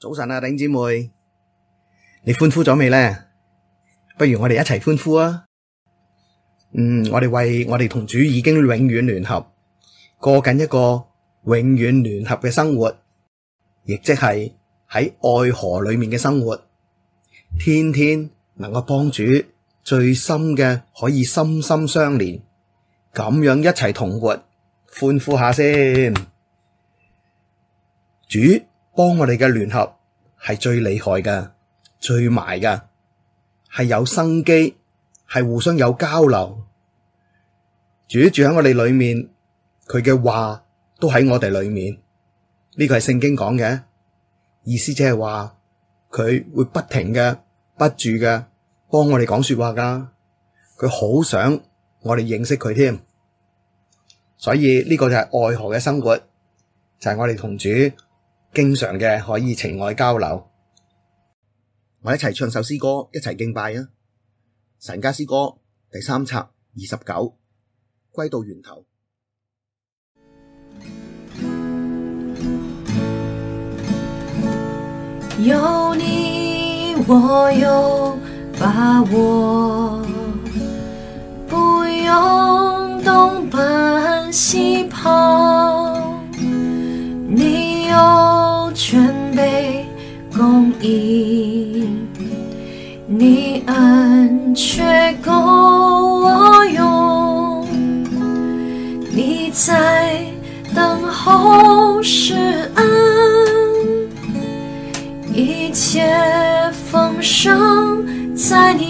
早晨啊，頂姐妹，你歡呼咗未呢？不如我哋一齊歡呼啊！嗯，我哋為我哋同主已經永遠聯合，過緊一個永遠聯合嘅生活，亦即係喺愛河裏面嘅生活，天天能夠幫主最深嘅可以心心相連，咁樣一齊同活，歡呼下先，主。幫我哋嘅聯合係最厲害嘅，最埋嘅係有生機，係互相有交流。主住喺我哋裏面，佢嘅話都喺我哋裏面。呢、這個係聖經講嘅意思，即係話佢會不停嘅、不住嘅，幫我哋講說話噶。佢好想我哋認識佢添，所以呢個就係愛河嘅生活，就係、是、我哋同主。經常嘅可以情愛交流，我一齊唱首詩歌，一齊敬拜啊！神家詩歌第三冊二十九，歸到源頭。有你，我有把握，不用東奔西跑，你有，全備供應，你恩確夠我用，你在等候施恩，一切豐盛在你。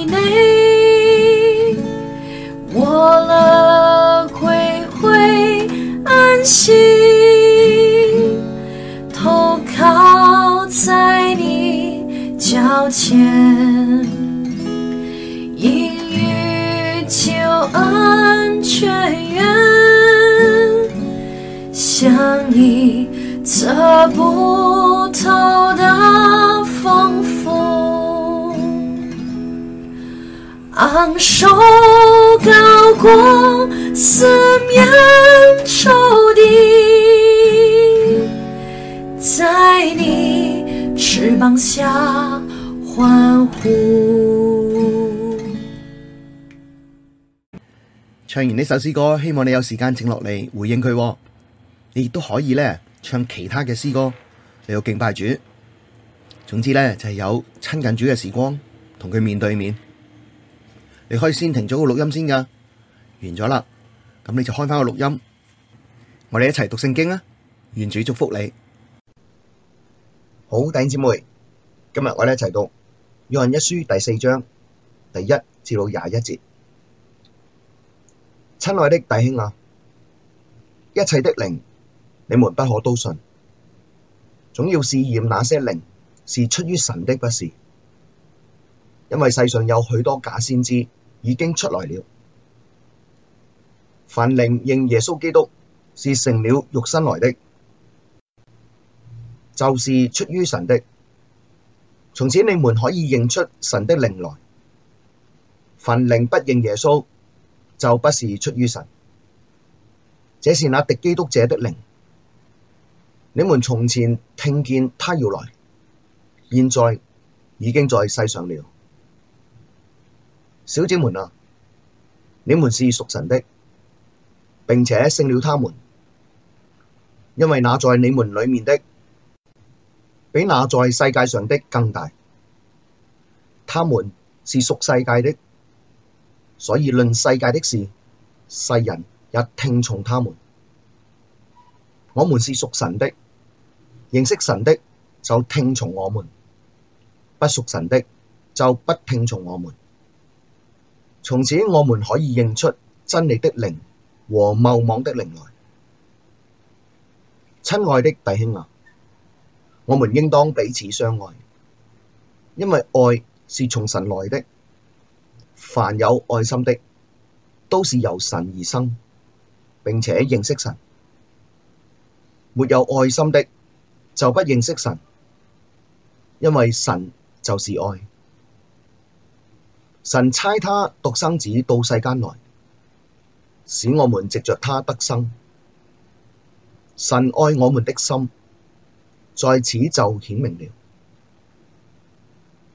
昂首高過四面仇敵，在你翅膀下歡呼。唱完呢首詩歌，希望你有時間靜落嚟回應佢。你亦都可以呢唱其他嘅詩歌你有敬拜主。總之呢，就係有親近主嘅時光，同佢面對面。你可以先停咗個錄音先噶，完咗喇，咁你就開翻個錄音，我哋一齊讀聖經啊。願主祝福你，好弟兄姊妹，今日我哋一齊讀約翰一書第四章第一至到廿一節。親愛的弟兄啊，一切的靈，你們不可都信，總要試驗那些靈是出於神的不是，因為世上有許多假先知。已經出來了。凡靈認耶穌基督是成了肉身來的，就是出於神的。從此你們可以認出神的靈來。凡靈不認耶穌，就不是出於神。這是那敵基督者的靈。你們從前聽見他要來，現在已經在世上了。小子們哪，你們是屬神的，並且勝了他們，因為那在你們裡面的，比那在世界上的更大。他們是屬世界的，所以論世界的事，世人也聽從他們。我們是屬神的，認識神的就聽從我們，不屬神的就不聽從我們。從此我們可以認出真理的靈和謬妄的靈來，親愛的弟兄啊，我們應當彼此相愛，因為愛是從神來的。凡有愛心的，都是由神而生，並且認識神。沒有愛心的，就不認識神，因為神就是愛。神差他獨生子到世間來，使我們藉着他得生。神愛我們的心在此就顯明了，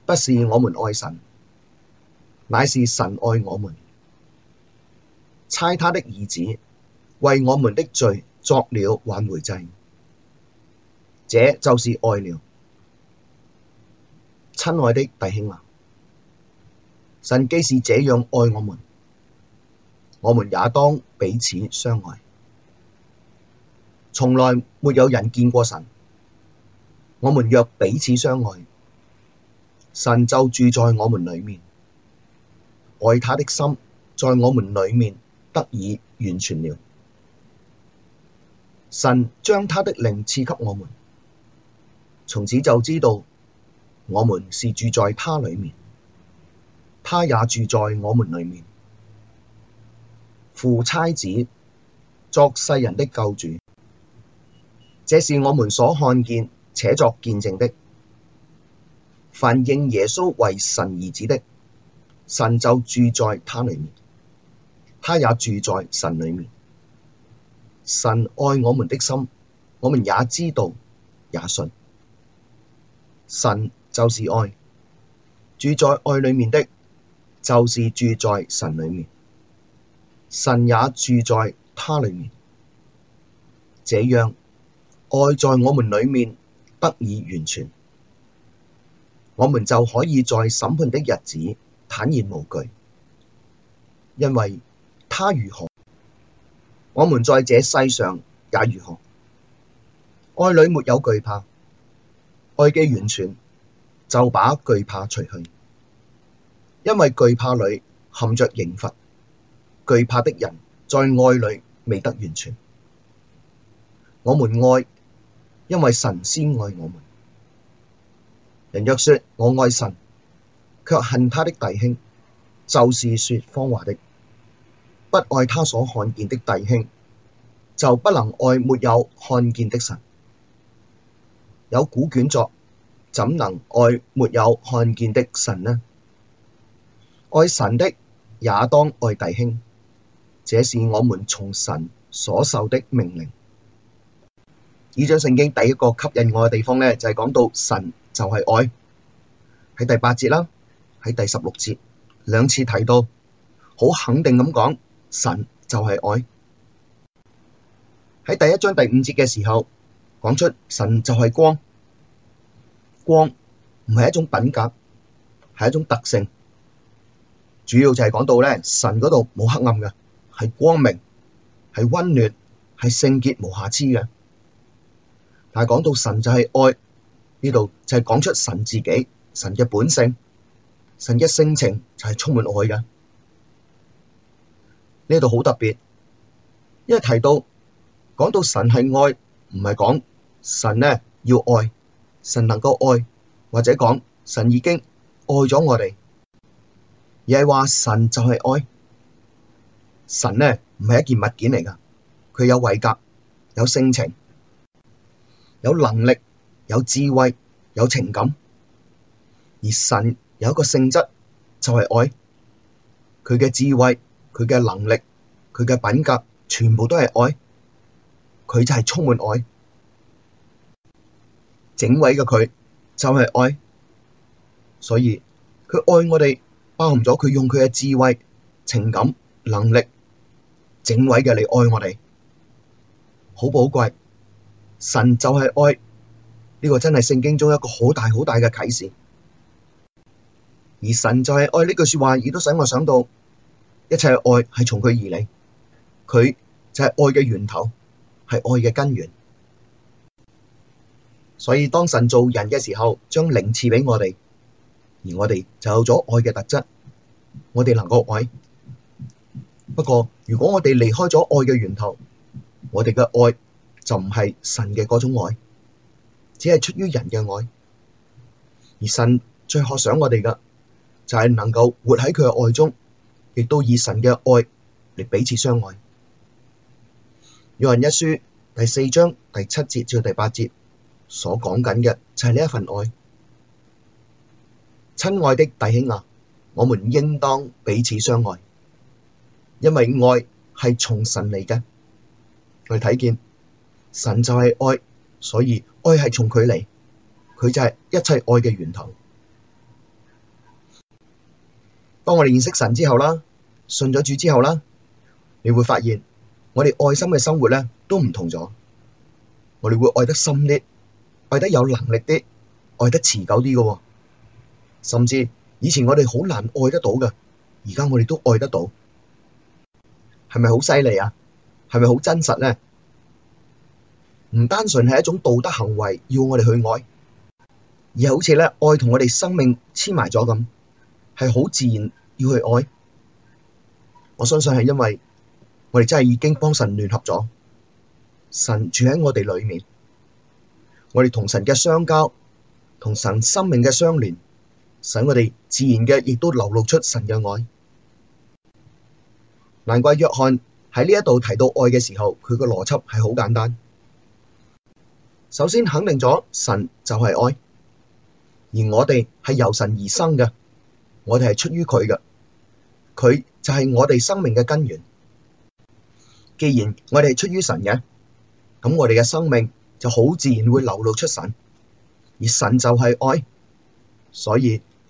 不是我們愛神，乃是神愛我們。差他的兒子為我們的罪作了挽回祭，這就是愛了。親愛的弟兄啊。神既是這樣愛我們，我們也當彼此相愛。從來沒有人見過神，我們若彼此相愛，神就住在我們裡面，愛他的心在我們裡面得以完全了。神將他的靈賜給我們，從此就知道我們是住在他裡面。他也住在我們裡面，父差子作世人的救主，這是我們所看見且作見證的。凡認耶穌為神兒子的，神就住在他裡面。他也住在神裡面。神愛我們的心，我們也知道，也信。神就是愛，住在愛裡面的。就是住在神裡面，神也住在他裡面，這樣，愛在我們裡面得以完全，我們就可以在審判的日子坦然無懼，因為他如何，我們在這世上也如何。愛裡沒有懼怕，愛既完全，就把懼怕除去。因為懼怕裡含着刑罰，懼怕的人在愛裡未得完全。我們愛，因為神先愛我們。人若說我愛神，卻恨他的弟兄，就是說謊話的；不愛他所看見的弟兄，就不能愛沒有看見的神。有古卷作：怎能愛沒有看見的神呢？愛神的，也當愛弟兄，這是我們從神所受的命令。呢章聖經第一個吸引我嘅地方呢，就係講到神就係愛，喺第八節啦，喺第十六節兩次提到，好肯定咁講神就係愛。喺第一章第五節嘅時候講出神就係光，光唔係一種品格，係一種特性。主要就係講到咧，神嗰度冇黑暗嘅，係光明，係温暖，係聖潔無瑕疵嘅。但係講到神就係愛呢度，就係講出神自己、神嘅本性、神嘅性情就係充滿愛嘅。呢度好特別，因為提到講到神係愛，唔係講神咧要愛，神能夠愛，或者講神已經愛咗我哋。而係話神就係愛，神呢唔係一件物件嚟噶，佢有位格、有性情、有能力、有智慧、有情感，而神有一個性質就係愛，佢嘅智慧、佢嘅能力、佢嘅品格全部都係愛，佢就係充滿愛，整位嘅佢就係愛，所以佢愛我哋。包含咗佢用佢嘅智慧、情感、能力整位嘅嚟愛我哋，好寶貴。神就係愛，呢個真係聖經中一個好大好大嘅啟示。而神就係愛呢句說話，亦都使我想到一切愛係從佢而嚟，佢就係愛嘅源頭，係愛嘅根源。所以當神做人嘅時候，將靈賜畀我哋。而我哋就有咗愛嘅特質，我哋能夠愛。不過，如果我哋離開咗愛嘅源頭，我哋嘅愛就唔係神嘅嗰種愛，只係出於人嘅愛。而神最渴想我哋嘅，就係能夠活喺佢嘅愛中，亦都以神嘅愛嚟彼此相愛。約翰一書第四章第七節至第八節所講緊嘅，就係呢一份愛。親愛的弟兄啊，我們應當彼此相愛，因為愛係從神嚟嘅。我哋睇見神就係愛，所以愛係從佢嚟，佢就係一切愛嘅源頭。當我哋認識神之後啦，信咗主之後啦，你會發現我哋愛心嘅生活呢都唔同咗，我哋會愛得深啲，愛得有能力啲，愛得持久啲嘅。甚至以前我哋好難愛得到嘅，而家我哋都愛得到，係咪好犀利啊？係咪好真實咧？唔單純係一種道德行為要我哋去愛，而好似咧愛同我哋生命黐埋咗咁，係好自然要去愛。我相信係因為我哋真係已經幫神聯合咗，神住喺我哋裏面，我哋同神嘅相交，同神生命嘅相連。使我哋自然嘅，亦都流露出神嘅愛。難怪約翰喺呢一度提到愛嘅時候，佢個邏輯係好簡單。首先肯定咗神就係愛，而我哋係由神而生嘅，我哋係出於佢嘅，佢就係我哋生命嘅根源。既然我哋係出於神嘅，咁我哋嘅生命就好自然會流露出神，而神就係愛，所以。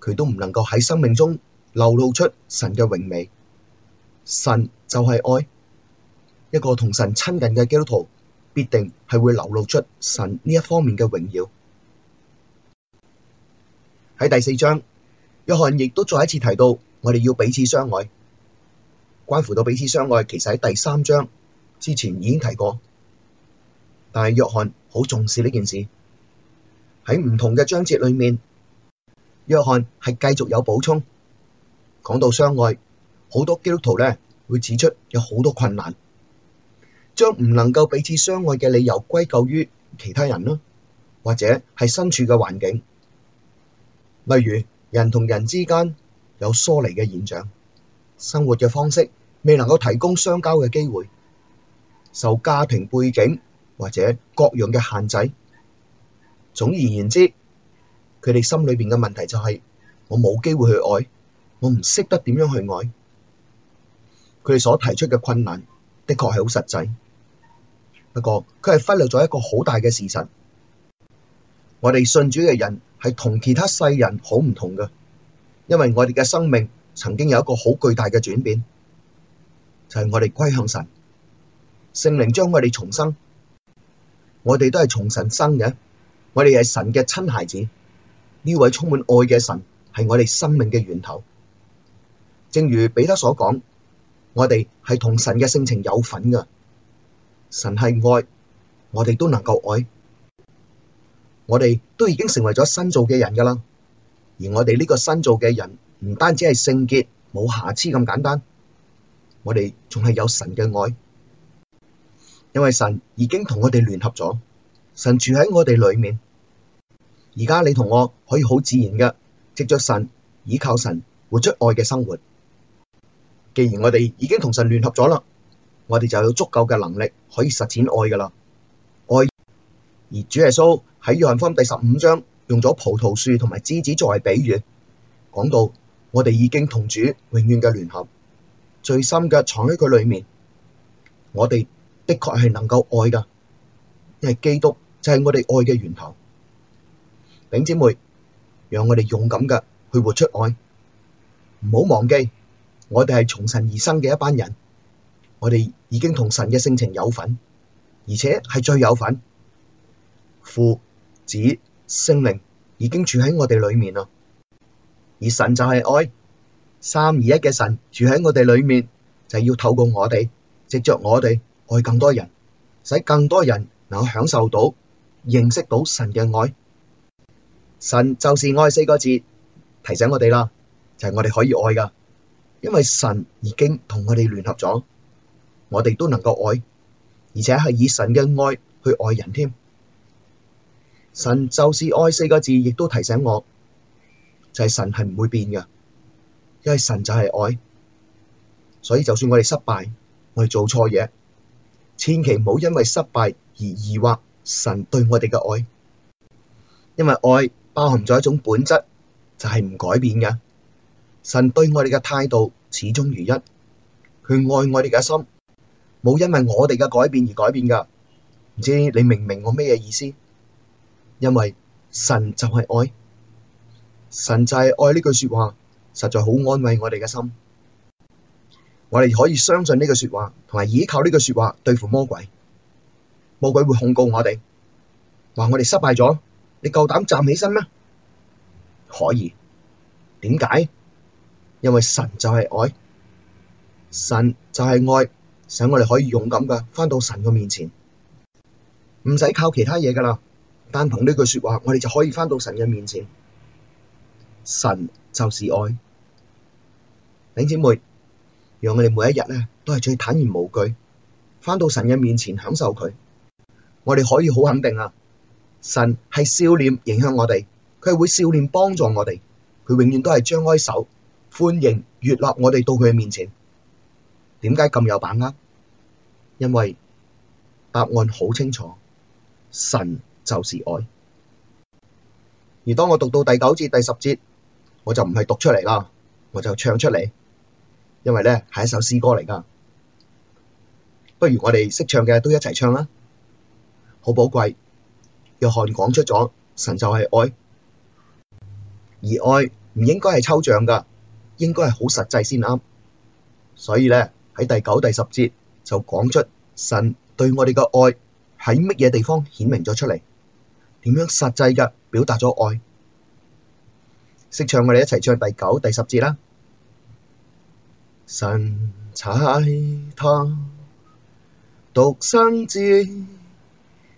佢都唔能夠喺生命中流露出神嘅榮美。神就係愛，一個同神親近嘅基督徒，必定係會流露出神呢一方面嘅榮耀。喺第四章，約翰亦都再一次提到，我哋要彼此相愛。關乎到彼此相愛，其實喺第三章之前已經提過，但係約翰好重視呢件事。喺唔同嘅章節裏面。約翰係繼續有補充，講到相愛，好多基督徒咧，會指出有好多困難，將唔能夠彼此相愛嘅理由歸咎於其他人啦，或者係身處嘅環境，例如人同人之間有疏離嘅現象，生活嘅方式未能夠提供相交嘅機會，受家庭背景或者各樣嘅限制，總而言之。佢哋心裏邊嘅問題就係、是、我冇機會去愛，我唔識得點樣去愛。佢哋所提出嘅困難的確係好實際，不過佢係忽略咗一個好大嘅事實。我哋信主嘅人係同其他世人好唔同噶因為我哋嘅生命曾經有一個好巨大嘅轉變，就係、是、我哋歸向神，聖靈將我哋重生，我哋都係從神生嘅，我哋係神嘅親孩子。呢位充滿愛嘅神係我哋生命嘅源頭，正如彼得所講，我哋係同神嘅性情有份噶。神係愛，我哋都能夠愛。我哋都已經成為咗新造嘅人噶啦，而我哋呢個新造嘅人，唔單止係聖潔，冇瑕疵咁簡單，我哋仲係有神嘅愛，因為神已經同我哋聯合咗，神住喺我哋裏面。而家你同我可以好自然嘅，藉着神，倚靠神活出愛嘅生活。既然我哋已經同神聯合咗啦，我哋就有足夠嘅能力可以實踐愛噶啦。愛，而主耶穌喺約翰福音第十五章用咗葡萄樹同埋枝子作為比喻，講到我哋已經同主永遠嘅聯合，最深嘅藏喺佢裏面。我哋的確係能夠愛噶，因為基督就係我哋愛嘅源頭。丙姐妹，讓我哋勇敢嘅去活出愛，唔好忘記我哋係從神而生嘅一班人，我哋已經同神嘅性情有份，而且係最有份。父、子、聖靈已經住喺我哋裏面啦。而神就係愛。三而一嘅神住喺我哋裏面，就係要透過我哋藉着我哋愛更多人，使更多人能享受到認識到神嘅愛。神就是愛四個字提醒我哋啦，就係、是、我哋可以愛噶，因為神已經同我哋聯合咗，我哋都能夠愛，而且係以神嘅愛去愛人添。神就是愛四個字，亦都提醒我，就係、是、神係唔會變噶，因為神就係愛，所以就算我哋失敗，我哋做錯嘢，千祈唔好因為失敗而疑惑神對我哋嘅愛，因為愛。包含咗一種本質，就係唔改變嘅。神對我哋嘅態度始終如一，佢愛我哋嘅心，冇因為我哋嘅改變而改變噶。唔知你明唔明我咩意思？因為神就係愛，神就係愛呢句說話，實在好安慰我哋嘅心。我哋可以相信呢句說話，同埋依靠呢句說話對付魔鬼。魔鬼會控告我哋，話我哋失敗咗。你夠膽站起身咩？可以，點解？因為神就係愛，神就係愛，使我哋可以勇敢嘅翻到神嘅面前，唔使靠其他嘢噶啦，單憑呢句說話，我哋就可以翻到神嘅面前。神就是愛，弟兄姊妹，讓我哋每一日咧都係最坦然無懼，翻到神嘅面前享受佢，我哋可以好肯定啊！神係笑臉迎向我哋，佢會笑臉幫助我哋，佢永遠都係張開手歡迎悅納我哋到佢面前。點解咁有把握？因為答案好清楚，神就是愛。而當我讀到第九節、第十節，我就唔係讀出嚟啦，我就唱出嚟，因為咧係一首詩歌嚟㗎。不如我哋識唱嘅都一齊唱啦，好寶貴。約翰講出咗，神就係愛，而愛唔應該係抽象噶，應該係好實際先啱。所以咧喺第九、第十節就講出神對我哋嘅愛喺乜嘢地方顯明咗出嚟，點樣實際嘅表達咗愛。識唱我哋一齊唱第九、第十節啦。神差他獨生子。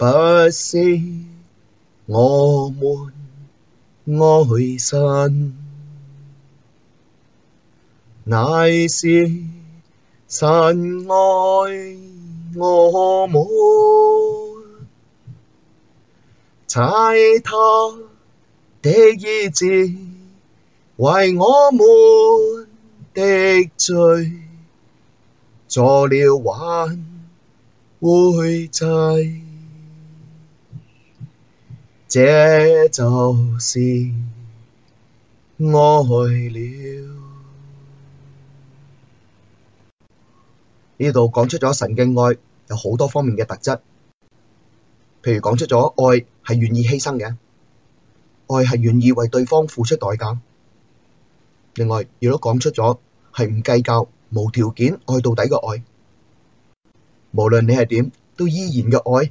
不是我們愛神，乃是神愛我們，差祂的兒子，為我們的罪做了挽回祭。這就是愛了。呢度講出咗神嘅愛有好多方面嘅特質，譬如講出咗愛係願意犧牲嘅，愛係願意為對方付出代價。另外，亦都講出咗係唔計較、無條件愛到底嘅愛，無論你係點，都依然嘅愛。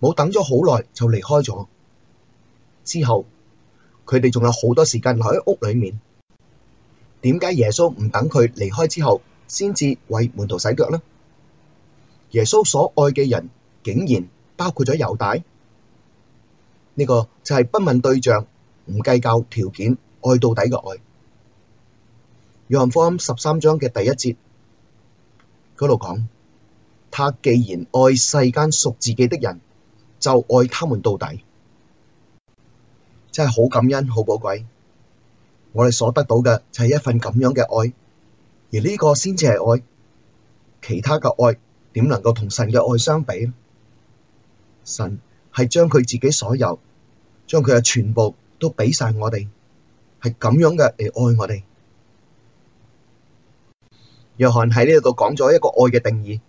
冇等咗好耐就離開咗。之後佢哋仲有好多時間留喺屋裏面。點解耶穌唔等佢離開之後先至為門徒洗腳咧？耶穌所愛嘅人竟然包括咗猶大。呢個就係不問對象、唔計較條件、愛到底嘅愛。約翰福音十三章嘅第一節嗰度講，他既然愛世間屬自己的人。就愛他們到底，真係好感恩、好寶貴。我哋所得到嘅就係一份咁樣嘅愛，而呢個先至係愛。其他嘅愛點能夠同神嘅愛相比呢？神係將佢自己所有、將佢嘅全部都俾晒我哋，係咁樣嘅嚟愛我哋。約翰喺呢度講咗一個愛嘅定義：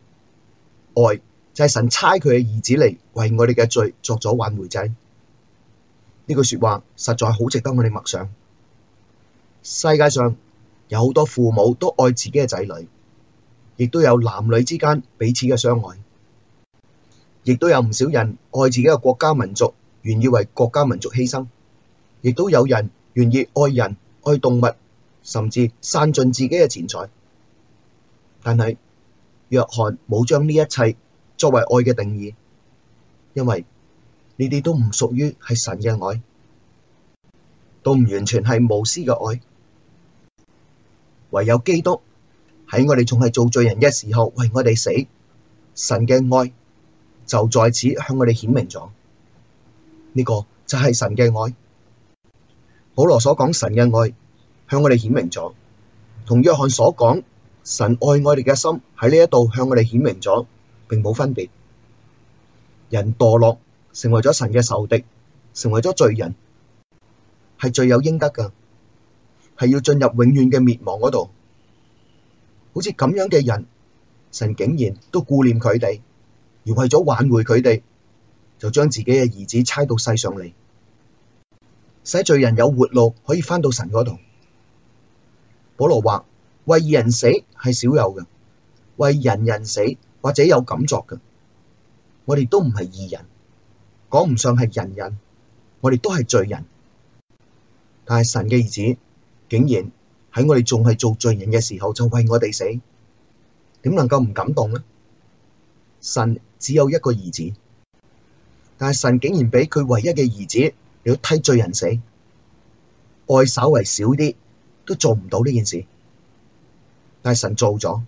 愛。就係神差佢嘅兒子嚟為我哋嘅罪作咗挽回祭。呢句說話實在好值得我哋默想。世界上有好多父母都愛自己嘅仔女，亦都有男女之間彼此嘅相愛，亦都有唔少人愛自己嘅國家民族，願意為國家民族犧牲，亦都有人願意愛人、愛動物，甚至散盡自己嘅錢財。但係約翰冇將呢一切。作為愛嘅定義，因為你哋都唔屬於係神嘅愛，都唔完全係無私嘅愛。唯有基督喺我哋仲係做罪人嘅時候為我哋死，神嘅愛就在此向我哋顯明咗。呢、這個就係神嘅愛。保羅所講神嘅愛向我哋顯明咗，同約翰所講神愛我哋嘅心喺呢一度向我哋顯明咗。並冇分別，人墮落成為咗神嘅仇敵，成為咗罪人，係罪有應得噶，係要進入永遠嘅滅亡嗰度。好似咁樣嘅人，神竟然都顧念佢哋，而為咗挽回佢哋，就將自己嘅兒子差到世上嚟，使罪人有活路可以翻到神嗰度。保羅話：為人死係少有嘅，為人人死。或者有感作嘅，我哋都唔係義人，講唔上係人人，我哋都係罪人。但係神嘅兒子竟然喺我哋仲係做罪人嘅時候就為我哋死，點能夠唔感動呢？神只有一個兒子，但係神竟然俾佢唯一嘅兒子你要替罪人死，愛稍微少啲都做唔到呢件事，但係神做咗，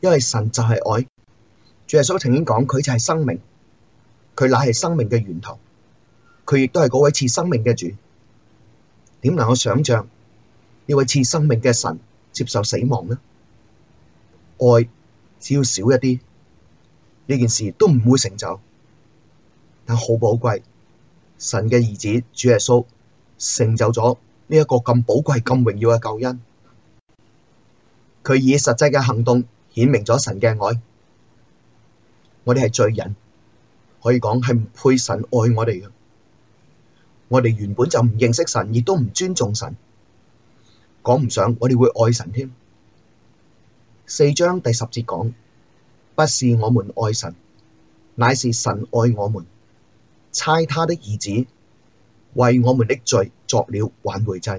因為神就係愛。主耶穌曾經講：佢就係生命，佢乃係生命嘅源頭，佢亦都係嗰位賜生命嘅主。點能夠想象呢位賜生命嘅神接受死亡呢？愛只要少一啲，呢件事都唔會成就，但好寶貴。神嘅兒子主耶穌成就咗呢一個咁寶貴、咁榮耀嘅救恩。佢以實際嘅行動顯明咗神嘅愛。我哋係罪人，可以講係唔配神愛我哋噶。我哋原本就唔認識神，亦都唔尊重神，講唔上我哋會愛神添。四章第十節講：不是我們愛神，乃是神愛我們，差他的兒子為我們的罪作了挽回祭，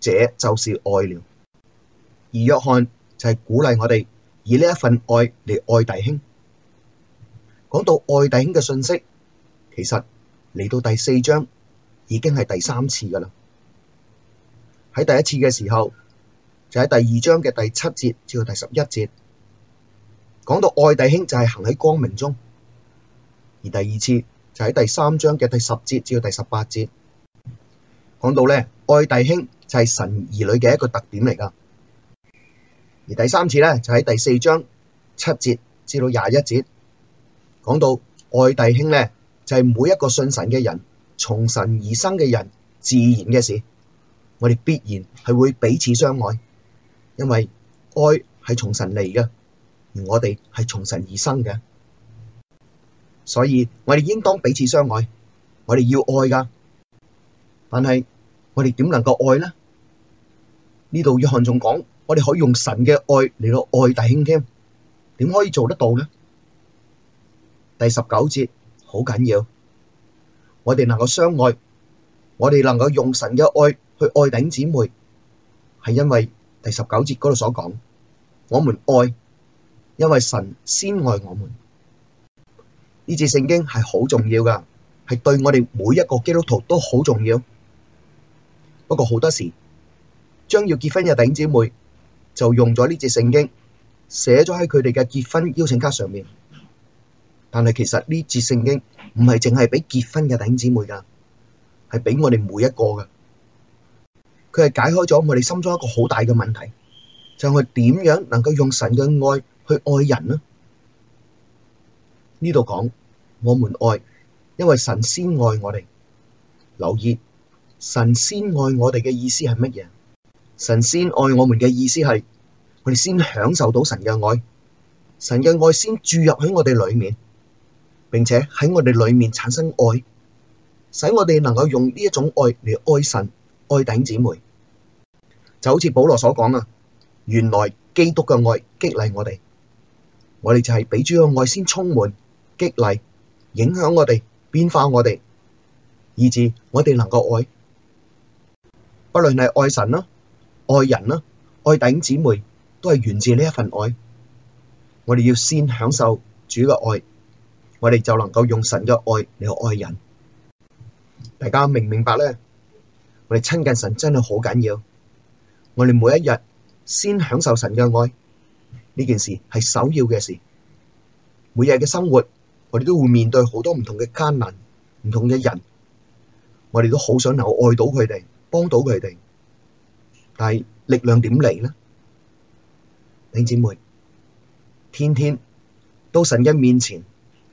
這就是愛了。而約翰就係鼓勵我哋以呢一份愛嚟愛弟兄。講到愛弟兄嘅信息，其實嚟到第四章已經係第三次噶啦。喺第一次嘅時候就喺第二章嘅第七節至到第十一節，講到愛弟兄就係行喺光明中，而第二次就喺第三章嘅第十節至到第十八節講到咧愛弟兄就係神兒女嘅一個特點嚟噶，而第三次咧就喺第四章七節至到廿一節。講到愛弟兄咧，就係每一個信神嘅人，從神而生嘅人，自然嘅事。我哋必然係會彼此相愛，因為愛係從神嚟嘅，而我哋係從神而生嘅，所以我哋應當彼此相愛。我哋要愛噶，但係我哋點能夠愛咧？呢度約翰仲講，我哋可以用神嘅愛嚟到愛弟兄添，點可以做得到咧？第十九節好緊要，我哋能夠相愛，我哋能夠用神嘅愛去愛弟姊妹，係因為第十九節嗰度所講，我們愛，因為神先愛我們。呢節聖經係好重要噶，係對我哋每一個基督徒都好重要。不過好多時，將要結婚嘅弟姊妹就用咗呢節聖經，寫咗喺佢哋嘅結婚邀請卡上面。但係其實呢節聖經唔係淨係俾結婚嘅弟兄姊妹噶，係俾我哋每一個噶。佢係解開咗我哋心中一個好大嘅問題，就係點樣能夠用神嘅愛去愛人呢？呢度講，我們愛，因為神先愛我哋。留意，神先愛我哋嘅意思係乜嘢？神先愛我哋嘅意思係，我哋先享受到神嘅愛，神嘅愛先注入喺我哋裏面。並且喺我哋裏面產生愛，使我哋能夠用呢一種愛嚟愛神、愛頂姊妹，就好似保羅所講啊。原來基督嘅愛激勵我哋，我哋就係俾主嘅愛先充滿、激勵、影響我哋、變化我哋，以致我哋能夠愛，不論係愛神啦、愛人啦、愛頂姊妹，都係源自呢一份愛。我哋要先享受主嘅愛。我哋就能夠用神嘅愛嚟去愛人，大家明唔明白咧？我哋親近神真係好緊要，我哋每一日先享受神嘅愛呢件事係首要嘅事。每日嘅生活，我哋都會面對好多唔同嘅艱難、唔同嘅人，我哋都好想能夠愛到佢哋、幫到佢哋，但係力量點嚟咧？弟兄姊妹，天天到神嘅面前。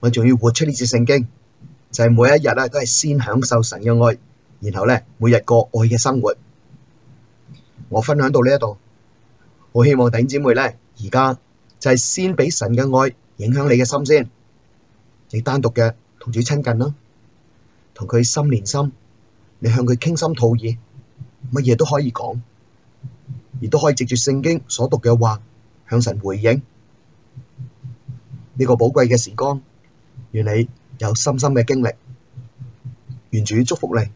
我仲要活出呢節聖經，就係、是、每一日咧都係先享受神嘅愛，然後咧每日過愛嘅生活。我分享到呢一度，我希望弟兄姊妹咧而家就係先俾神嘅愛影響你嘅心先，你單獨嘅同主親近啦，同佢心連心，你向佢傾心吐意，乜嘢都可以講，亦都可以藉住聖經所讀嘅話向神回應呢、這個寶貴嘅時光。願你有深深嘅經歷，願主祝福你。